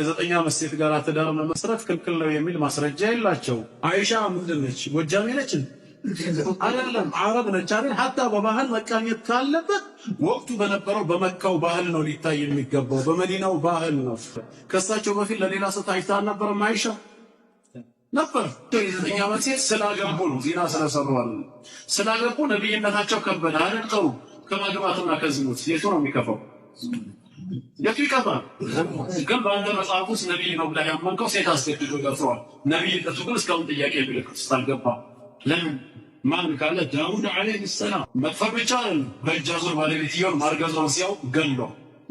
የዘጠኝ ዓመት ሴት ጋር ትዳር መመስረት ክልክል ነው የሚል ማስረጃ የላቸው። አይሻ ምንድን ነች? ጎጃሜ ነች አይደለም፣ አረብ ነች አይደል? ሀታ በባህል መቃኘት ካለበት ወቅቱ በነበረው በመካው ባህል ነው ሊታይ የሚገባው፣ በመዲናው ባህል ነው። ከእሳቸው በፊት ለሌላ ሰው ታይታ አልነበረም አይሻ ነበር የዘጠኝ ዓመት ሴት ስላገቡ ነው። ዜና ስለሰሯል ስላገቡ ነቢይነታቸው ከበደ አይደል? ጥሩ ከማግባትና ከዝሙት የቱ ነው የሚከፋው? ደቂቀ ግን መጽሐፍ ውስጥ ነቢይ ነው ብላ ያመንከው ሴት አስገድዶ ገፍሯል። ነቢይ እሱ ግን እስካሁን ጥያቄ ምልክት ውስጥ አልገባም። ለምን ማን ካለ ዳውድ ዓለይሂ ሰላም መጥፈር ብቻ በእጃዞር ባለቤትየውን ማርገዟን ሲያው ገሎ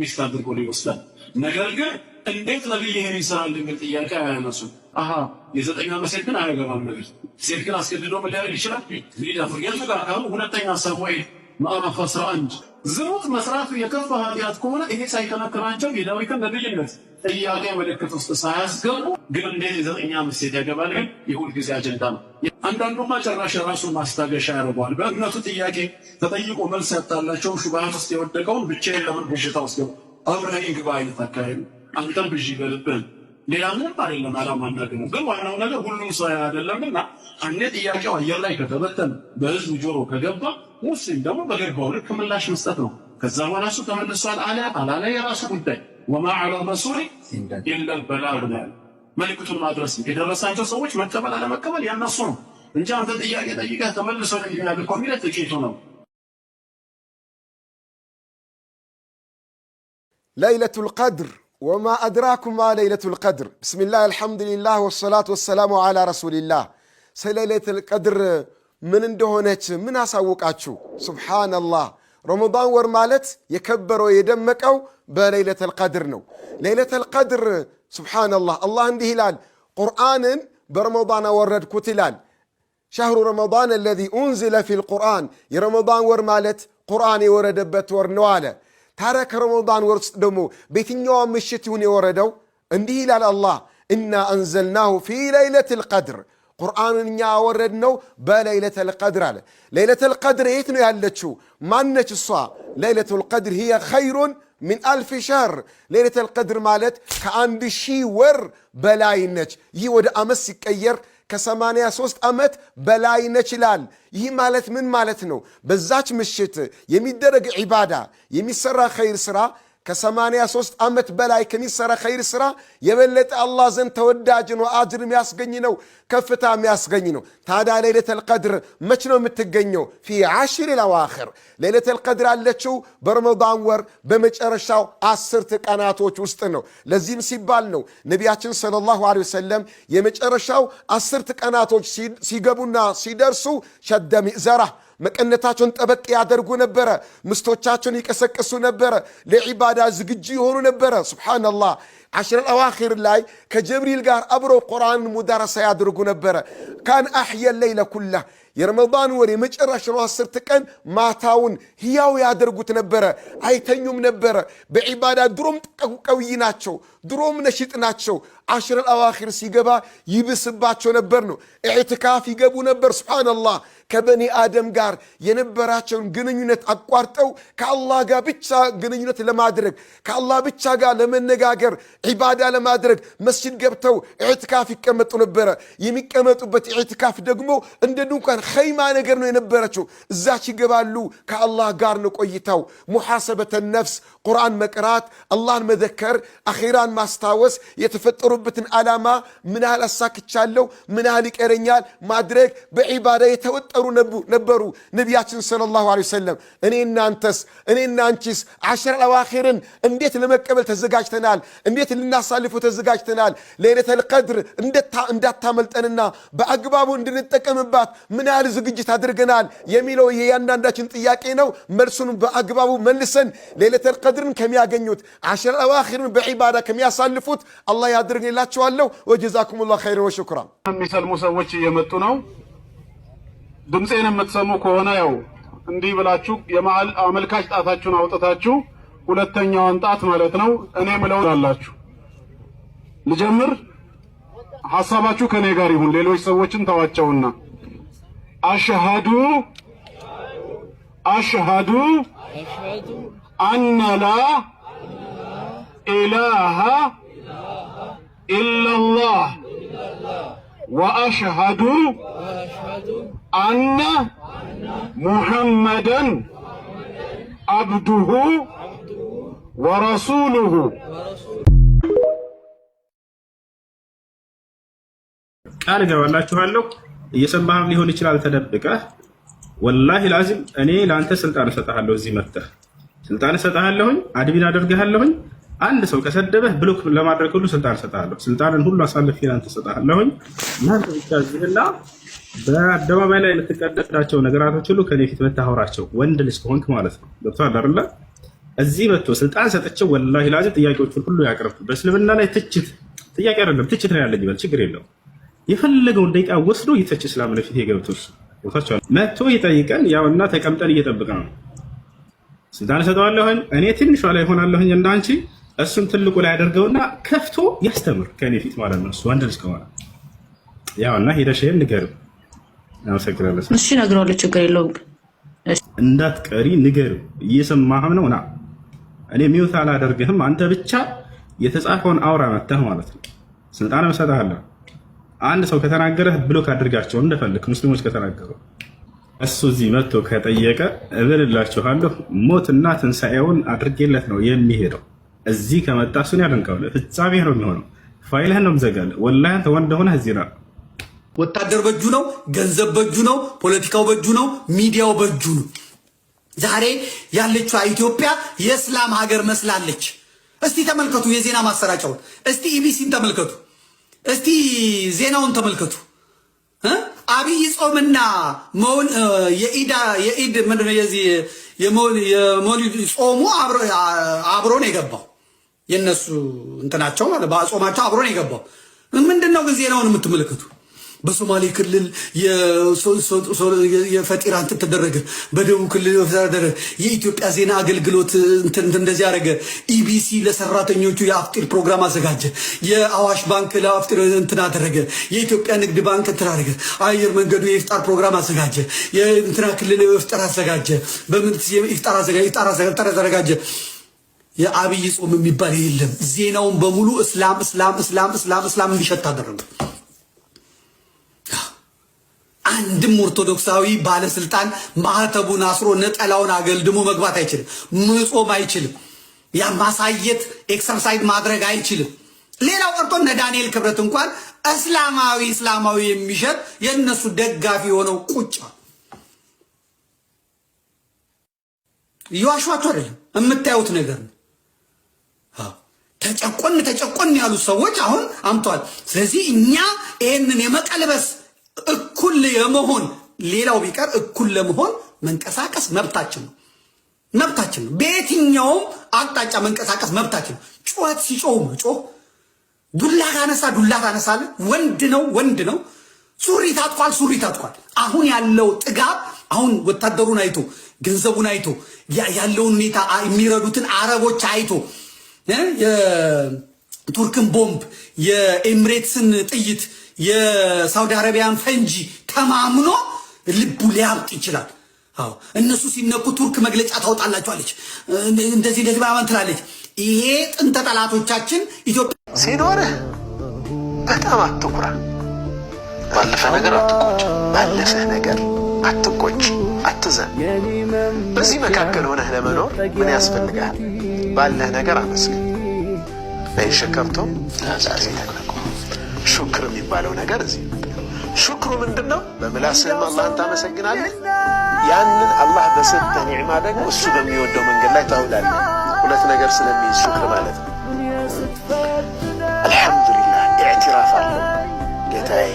ሚስት አድርጎ ሊወስዳል። ነገር ግን እንዴት ነቢይ ይህን ይሰራል የሚል ጥያቄ አያነሱ። አሀ የዘጠኝ ዓመት ሴት ግን አያገባም። ነቢይ ሴት ግን አስገድዶ ምን ሊያደርግ ይችላል? ሊዳፍር የቱ ጋር ካሉ ሁለተኛ ሳሙኤል ምዕራፍ 11 ዝሙት መስራቱ የከፋ ኃጢአት ከሆነ ይሄ ሳይከለክላቸው የዳዊትን ነብይነት ጥያቄ ምልክት ውስጥ ሳያስገቡ ግን እንዴት የዘጠኝ አምስት ያገባል? ግን የሁል ጊዜ አጀንዳ ነው። አንዳንዱማ ጭራሽ የራሱን ማስታገሻ ያደርገዋል። በእምነቱ ጥያቄ ተጠይቆ መልስ ያጣላቸው ሹባሃት ውስጥ የወደቀውን ብቻ ለምን ብዥታ ውስጥ ገቡ? አብረህ ግባ አይነት አካሄዱ አንተም ብዥ ይበልብህን ሌላ ምንም አይደለም። አላማ እናገኘው ግን ዋናው ነገር ሁሉም ሰው አይደለምና አኔ ጥያቄው አየር ላይ ከተበተን በህዝብ ጆሮ ከገባ ሙስሊም ደግሞ በገባው ልክ ምላሽ መስጠት ነው። ከዛ በኋላ እሱ ተመልሷል አለ አላለ የራሱ ጉዳይ። ወማ ዐላ ረሱሊ ኢለል በላግ ያለ መልእክቱን ማድረስ የደረሳቸው ሰዎች መቀበል አለመቀበል ያነሱ ነው እንጂ አንተ ጥያቄ ጠይቀህ ተመልሶ ይሆናል እኮ የሚለው ጥቂቱ ነው። ለይለቱል ቀድር ወማ አድራኩም ማ ለይለቱል ቀድር። ብስሚላህ አልሐምዱሊላህ ወሰላቱ ወሰላሙ ዐላ ረሱሊላህ ስለ ለይለቱል ቀድር ምን እንደሆነች ምን አሳውቃችሁ? ሱብሓነላህ። ረመዳን ወር ማለት የከበረው የደመቀው በሌይለተል ቀድር ነው። ሌይለተል ቀድር ሱብሓነላህ፣ አላህ እንዲህ ይላል፣ ቁርአንን በረመዳን አወረድኩት ይላል። ሻህሩ ረመዳን አለዚ ኡንዚለ ፊል ቁርአን፣ የረመዳን ወር ማለት ቁርአን የወረደበት ወር ነው አለ። ታዲያ ከረመዳን ወር ውስጥ ደግሞ በየትኛዋ ምሽት ይሁን የወረደው? እንዲህ ይላል አላህ፣ ኢና አንዘልናሁ ፊ ለይለቲል ቀድር ቁርአኑን እኛ አወረድነው በለይለተል ቀድር አለ። ለይለተል ቀድር የት ነው ያለችው? ማነች እሷ? ለይለቱል ቀድር ሂየ ኸይሩን ሚን አልፍ ሸህር። ለይለተል ቀድር ማለት ከአንድ ሺህ ወር በላይ ነች። ይህ ወደ አመት ሲቀየር ከ83 ዓመት በላይ ነች ይላል። ይህ ማለት ምን ማለት ነው? በዛች ምሽት የሚደረግ ዒባዳ የሚሰራ ኸይር ስራ ከሰማንያ ሶስት ዓመት በላይ ከሚሠራ ኸይር ሥራ የበለጠ አላህ ዘንድ ተወዳጅ ነው። አጅር የሚያስገኝ ነው። ከፍታ የሚያስገኝ ነው። ታዲያ ሌለተል ቀድር መች ነው የምትገኘው? ፊ ዓሽር ለዋኽር ሌለተል ቀድር አለችው በረመዳን ወር በመጨረሻው አስርት ቀናቶች ውስጥ ነው። ለዚህም ሲባል ነው ነቢያችን ሰለላሁ ዐለይሂ ወሰለም የመጨረሻው አስርት ቀናቶች ሲገቡና ሲደርሱ ሸደ መቀነታቸውን ጠበቅ ያደርጉ ነበረ። ምስቶቻቸውን ይቀሰቅሱ ነበረ። ለዒባዳ ዝግጁ የሆኑ ነበረ። ሱብሓነላህ ዓሽረል አዋኺር ላይ ከጀብሪል ጋር አብሮ ቁርአን ሙዳረሳ ያደርጉ ነበረ። ካን አሕየ ሌይለ ኩላ የረመዳን ወር የመጨረሻው አስርት ቀን ማታውን ህያው ያደርጉት ነበረ። አይተኙም ነበረ በዒባዳ ድሮም ቀውይ ናቸው፣ ድሮም ነሽጥ ናቸው። ዓሽረል አዋኺር ሲገባ ይብስባቸው ነበር ነው። ኢዕትካፍ ይገቡ ነበር። ሱብሓነላህ ከበኒ አደም ጋር የነበራቸውን ግንኙነት አቋርጠው ከአላህ ጋር ብቻ ግንኙነት ለማድረግ ከአላህ ብቻ ጋር ለመነጋገር ዒባዳ ለማድረግ መስጅድ ገብተው ኢዕትካፍ ይቀመጡ ነበረ። የሚቀመጡበት ኢዕትካፍ ደግሞ እንደ ድንኳን ኸይማ ነገር ነው የነበረችው። እዛች ይገባሉ። ከአላህ ጋር ነው ቆይታው። ሙሓሰበተ ነፍስ፣ ቁርአን መቅራት፣ አላህን መዘከር፣ አኼራን ማስታወስ፣ የተፈጠሩበትን ዓላማ ምን ያህል አሳክቻለሁ፣ ምን ያህል ይቀረኛል ማድረግ በዒባዳ የተወጠ የተፈጠሩ ነበሩ። ነቢያችን ሰለላሁ ዐለይሂ ወሰለም እኔ እናንተስ እኔ እናንቺስ አሸር አዋኺርን እንዴት ለመቀበል ተዘጋጅተናል? እንዴት ልናሳልፉ ተዘጋጅተናል? ለይለተል ቀድር እንዳታመልጠንና በአግባቡ እንድንጠቀምባት ምን ያህል ዝግጅት አድርገናል የሚለው የእያንዳንዳችን ጥያቄ ነው። መልሱን በአግባቡ መልሰን ለይለተል ቀድርን ከሚያገኙት አሸር አዋኺርን በዒባዳ ከሚያሳልፉት አላህ ያድርግን ወጀዛኩም ላ ኸይረን ወሽኩራ። የሚሰልሙ ሰዎች እየመጡ ነው። ድምፄን የምትሰሙ ከሆነ ያው እንዲህ ብላችሁ የመሀል አመልካች ጣታችሁን አውጥታችሁ ሁለተኛዋን ጣት ማለት ነው እኔ ምለው አላችሁ። ልጀምር። ሐሳባችሁ ከኔ ጋር ይሁን። ሌሎች ሰዎችን ተዋቸውና አሽሃዱ አሽሃዱ አነ ላ ኢላሃ ኢላላህ ወአሽሃዱ አነ ሙሐመደን አብዱሁ ወረሱሉሁ ቃል እገባላችኋለሁ። እየሰማህም ሊሆን ይችላል ተደብቀህ። ወላሂ ላዚም እኔ ለአንተ ስልጣን እሰጥሃለሁ። እዚህ መጥተህ ስልጣን እሰጥሃለሁኝ፣ አድሚን አደርግሃለሁኝ አንድ ሰው ከሰደበህ ብሎክ ለማድረግ ሁሉ ስልጣን እሰጥሃለሁ። ስልጣንን ሁሉ አሳልፌ ለአንተ እሰጥሃለሁኝ። እናንተ ብቻ ዝህና በአደባባይ ላይ የምትቀደዳቸው ነገራቶች ሁሉ ከኔ ፊት መታወራቸው ወንድ ልጅ ከሆንክ ማለት ነው። ገብቶሃል አይደለ? እዚህ መጥቶ ስልጣን ሰጥቼው ወላሂ ላዚም ጥያቄዎችን ሁሉ ያቀርብ። በእስልምና ላይ ትችት ጥያቄ አይደለም ትችት ነው ያለኝ። በል ችግር የለው የፈለገውን ደቂቃ ወስዶ ይተች እስላም ለፊት የገብቶች ቦታቸዋል መጥቶ ይጠይቀን። ያውና ተቀምጠን እየጠብቀ ነው ስልጣን እሰጠዋለሁኝ እኔ ትንሿ ላይ ሆናለሁኝ እንዳንቺ እሱን ትልቁ ላይ ያደርገውና ከፍቶ ያስተምር ከኔ ፊት ማለት ነው። እሱ ወንድ ልጅ ከሆነ ያው እና ሄደሽ ይሄን ንገሪው። አመሰግናለሁ። እሺ እነግረዋለሁ፣ ችግር የለውም። እንዳትቀሪ ንገር፣ እየሰማህም ነው ና እኔ ሚውት አላደርግህም። አንተ ብቻ የተጻፈውን አውራ መተህ ማለት ነው። ስልጣን እሰጥሃለሁ። አንድ ሰው ከተናገረህ ብሎክ አድርጋቸው እንደፈልግ ሙስሊሞች ከተናገሩ እሱ እዚህ መጥቶ ከጠየቀ እብልላችኋለሁ ሞትና ትንሣኤውን አድርጌለት ነው የሚሄደው። እዚህ ከመጣ እሱን ያደንቀዋል። ፍጻሜ ነው የሚሆነው። ፋይልህን ነው የምዘጋለህ። ወላሂ አንተ ወንድ ሆነህ እዚህ ና። ወታደር በእጁ ነው፣ ገንዘብ በእጁ ነው፣ ፖለቲካው በእጁ ነው፣ ሚዲያው በእጁ ነው። ዛሬ ያለችው ኢትዮጵያ የእስላም ሀገር መስላለች። እስቲ ተመልከቱ የዜና ማሰራጫውን፣ እስቲ ኢቢሲን ተመልከቱ፣ እስቲ ዜናውን ተመልከቱ። አብይ ጾምና የኢድ የመውሊድ ጾሙ አብሮ ነው የገባው። የእነሱ እንትናቸው ማለት በአጾማቸው አብሮ ነው የገባው ምንድን ነው? ጊዜ ነውን የምትመለከቱ በሶማሌ ክልል የፈጢራ እንትን ተደረገ፣ በደቡብ ክልል ተደረገ። የኢትዮጵያ ዜና አገልግሎት እንደዚህ ያደረገ፣ ኢቢሲ ለሰራተኞቹ የአፍጢር ፕሮግራም አዘጋጀ፣ የአዋሽ ባንክ ለአፍጢር እንትን አደረገ፣ የኢትዮጵያ ንግድ ባንክ እንትን አደረገ፣ አየር መንገዱ የኢፍጣር ፕሮግራም አዘጋጀ፣ የእንትና ክልል ኢፍጣር አዘጋጀ፣ በምን ኢፍጣር አዘጋጀ የአብይ ጾም የሚባል የለም። ዜናውን በሙሉ እስላም እስላም እስላም እስላም እስላም እንዲሸት አደረጉ። አንድም ኦርቶዶክሳዊ ባለስልጣን ማህተቡን አስሮ ነጠላውን አገልድሞ መግባት አይችልም። ምጾም አይችልም። ያ ማሳየት ኤክሰርሳይዝ ማድረግ አይችልም። ሌላው ቀርቶ እነ ዳንኤል ክብረት እንኳን እስላማዊ እስላማዊ የሚሸጥ የእነሱ ደጋፊ የሆነው ቁጫ እየዋሿቸው አይደለም፣ የምታዩት ነገር ነው። ተጨቆን ተጨቆን ያሉት ሰዎች አሁን አምተዋል። ስለዚህ እኛ ይህንን የመቀልበስ እኩል የመሆን ሌላው ቢቀር እኩል ለመሆን መንቀሳቀስ መብታችን ነው መብታችን ነው። በየትኛውም አቅጣጫ መንቀሳቀስ መብታችን ነው። ጩኸት ሲጮህ መጮህ፣ ዱላ ታነሳ ዱላ ታነሳለ። ወንድ ነው ወንድ ነው። ሱሪ ታጥቋል ሱሪ ታጥቋል። አሁን ያለው ጥጋብ አሁን ወታደሩን አይቶ ገንዘቡን አይቶ ያለውን ሁኔታ የሚረዱትን አረቦች አይቶ የቱርክን ቦምብ፣ የኤምሬትስን ጥይት፣ የሳውዲ አረቢያን ፈንጂ ተማምኖ ልቡ ሊያብጥ ይችላል። አዎ እነሱ ሲነኩ ቱርክ መግለጫ ታውጣላቸዋለች፣ እንደዚህ እንደዚህ ምናምን ትላለች። ይሄ ጥንተ ጠላቶቻችን ኢትዮጵያ ሲኖርህ በጣም አትኩራ። ባለፈ ነገር አትቆጭ፣ ባለፈ ነገር አትቆጭ፣ አትዘን። በዚህ መካከል ሆነህ ለመኖር ምን ያስፈልጋል? ባለህ ነገር አመስግን። ለይሸከርቶም ትእዛዜ ሹክር የሚባለው ነገር እዚህ ሹክሩ ምንድን ነው? በምላስህም አላህን ታመሰግናለህ። ያንን አላህ በሰጠህ ኒዕማ ደግሞ እሱ በሚወደው መንገድ ላይ ታውላለህ። ሁለት ነገር ስለሚይዝ ሹክር ማለት ነው። አልሐምዱሊላህ ኢዕትራፍ አለው። ጌታዬ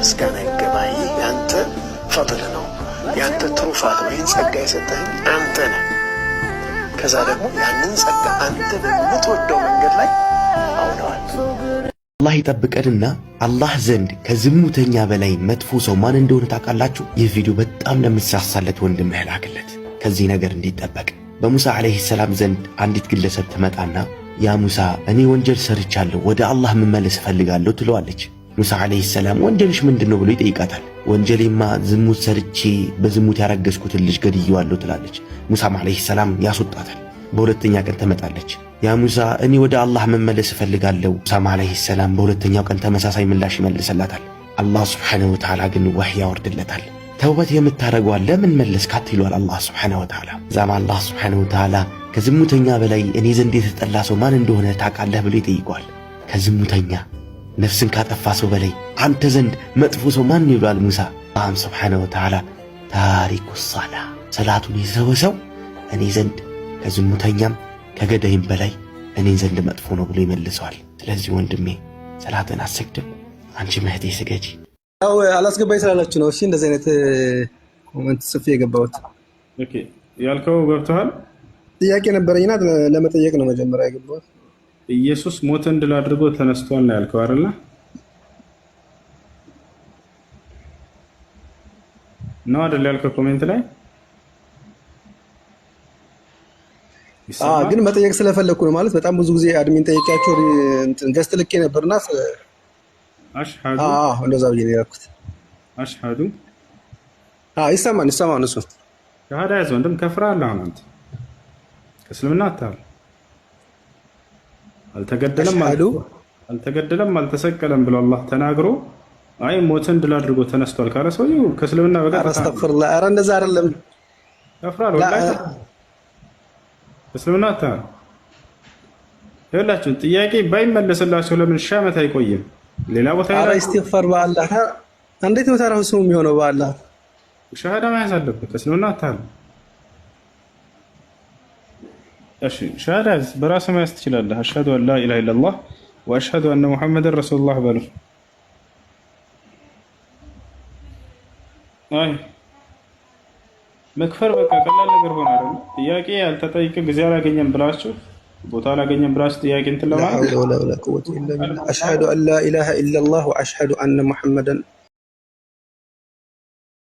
ምስጋና ይገባይ፣ ያንተ ፈጥል ነው፣ ያንተ ትሩፋት ነው። ይህን ጸጋ የሰጠህ አንተ ነህ። ከዛ ደግሞ ያንን ጸጋ አንተ በምትወደው መንገድ ላይ አውለዋል። አላህ ይጠብቀንና አላህ ዘንድ ከዝሙተኛ በላይ መጥፎ ሰው ማን እንደሆነ ታውቃላችሁ? ይህ ቪዲዮ በጣም ለምትሳሳለት ወንድ ላክለት ከዚህ ነገር እንዲጠበቅ። በሙሳ ዓለይሂ ሰላም ዘንድ አንዲት ግለሰብ ትመጣና ያ ሙሳ እኔ ወንጀል ሰርቻለሁ፣ ወደ አላህ መመለስ እፈልጋለሁ ትለዋለች። ሙሳ ዓለይሂ ሰላም ወንጀልሽ ምንድን ነው ብሎ ይጠይቃታል። ወንጀሌማ ዝሙት ሰርቼ በዝሙት ያረገዝኩትን ልጅ ገድየዋለሁ ትላለች። ሙሳም ዓለይሂ ሰላም ያስወጣታል። በሁለተኛ ቀን ትመጣለች። ያ ሙሳ እኔ ወደ አላህ መመለስ እፈልጋለሁ። ሙሳም ዓለይሂ ሰላም በሁለተኛው ቀን ተመሳሳይ ምላሽ ይመልሰላታል። አላህ ስብሓነሁ ወተዓላ ግን ወህይ ያወርድለታል። ተውበት የምታደርገዋል ለምን መለስካት ይሏል አላህ ስብሓነሁ ወተዓላ። እዛም አላህ ስብሓነሁ ወተዓላ ከዝሙተኛ በላይ እኔ ዘንድ የተጠላ ሰው ማን እንደሆነ ታውቃለህ ብሎ ይጠይቀዋል። ከዝሙተኛ ነፍስን ካጠፋ ሰው በላይ አንተ ዘንድ መጥፎ ሰው ማን ይብሏል? ሙሳ አም ስብሓነ ወተዓላ ታሪኩ ሳላ ሰላቱን የሰወ ሰው እኔ ዘንድ ከዝሙተኛም ከገዳይም በላይ እኔን ዘንድ መጥፎ ነው ብሎ ይመልሰዋል። ስለዚህ ወንድሜ ሰላትን አሰግድም፣ አንቺ መህቴ ስገጂ። ያው አላስገባኝ ስላላችሁ ነው። እሺ እንደዚህ አይነት ኮመንት ጽፌ የገባሁት ያልከው ገብተሃል። ጥያቄ ነበረኝና ለመጠየቅ ነው መጀመሪያ የገባሁት። ኢየሱስ ሞትን ድል አድርጎ ተነስቷል ነው ያልከው አይደለ? ነው አይደል ያልከው ኮሜንት ላይ ግን መጠየቅ ስለፈለግኩ ነው። ማለት በጣም ብዙ ጊዜ አድሚን ጠየቂያቸው ገስት ልኬ ነበርና እንደዛ ብዬ ነው ያልኩት። አሽሃዱ ይሰማን ይሰማን እሱ ሻሃዳ ያዝ ወንድም ከፍራ አለ አሁን አንተ ከእስልምና አታል አልተገደለም አሉ አልተገደለም አልተሰቀለም ብሎ አላህ ተናግሮ አይ ሞትን ድል አድርጎ ተነስቷል ካለ ሰውዬው ከእስልምና በቀር አስተፍርላ አረ እንደዛ አይደለም ያፍራል እስልምና ታ ይኸውላችሁ ጥያቄ ባይመለስላችሁ ለምን ሺህ ዓመት አይቆይም ሌላ ቦታ ኧረ ኢስቲግፋር በአላህ እንዴት ነው ታዲያ ስሙ የሚሆነው በአላህ ሻሃዳ መያዝ አለበት እስልምና ታ እሺ ሻሃዳ በራስህ መያዝ ትችላለህ። አሽሀዱ አን ላ ኢላሀ ኢለላህ ወአሽሀዱ አነ ሙሐመድን ረሱሉላህ በሉ። አይ መክፈር በቃ ቀላል ነገር ሆነ አይደል? ጥያቄ ያልተጠየቀ ጊዜ አላገኘም ብላችሁ ቦታ አላገኘም ብላችሁ ጥያቄ እንትን ለማለት ላ ላ ቁወተ ኢላ ቢላህ አሽሀዱ አን ላ ኢላሀ ኢለላህ ወአሽሀዱ አነ ሙሐመድን